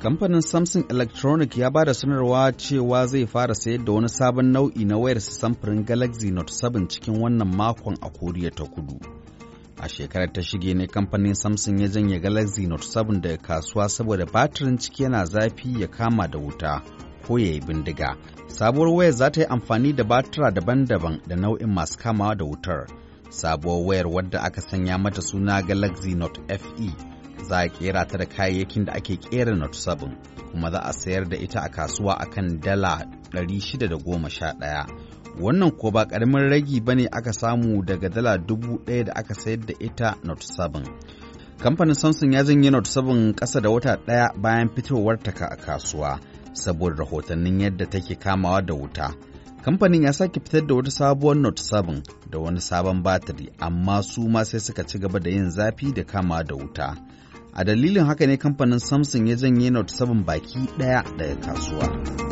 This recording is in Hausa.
Kamfanin Samsung Electronic ya ba da sanarwa cewa zai fara sayar da wani sabon nau'i na wayar samfurin Galaxy Note 7 cikin wannan makon a Koriya ta Kudu. A shekarar ta shige ne kamfanin Samsung ya janye Galaxy Note 7 daga kasuwa saboda batirin ciki yana zafi ya kama da wuta ko ya yi bindiga. Sabuwar wayar za ta yi amfani da batira daban-daban da nau'in masu kamawa da wutar. Sabuwar wayar wadda aka sanya mata suna Galaxy Note FE za a kera ta da kayayyakin da ake kera na 7 kuma za a sayar da ita a kasuwa a kan dala 611 wannan ko ba karamin ragi ba ne aka samu daga dala 1000 da aka sayar da ita not 7 kamfanin samsung ya janye not 7 kasa da wata ɗaya bayan fitowarta ka a kasuwa saboda rahotannin yadda take kamawa da wuta kamfanin ya sake fitar da wata sabuwar note 7 da wani sabon batiri amma su ma sai suka ci gaba da yin zafi da kama da wuta a dalilin haka ne kamfanin samsung ya janye note 7 baki daya daga kasuwa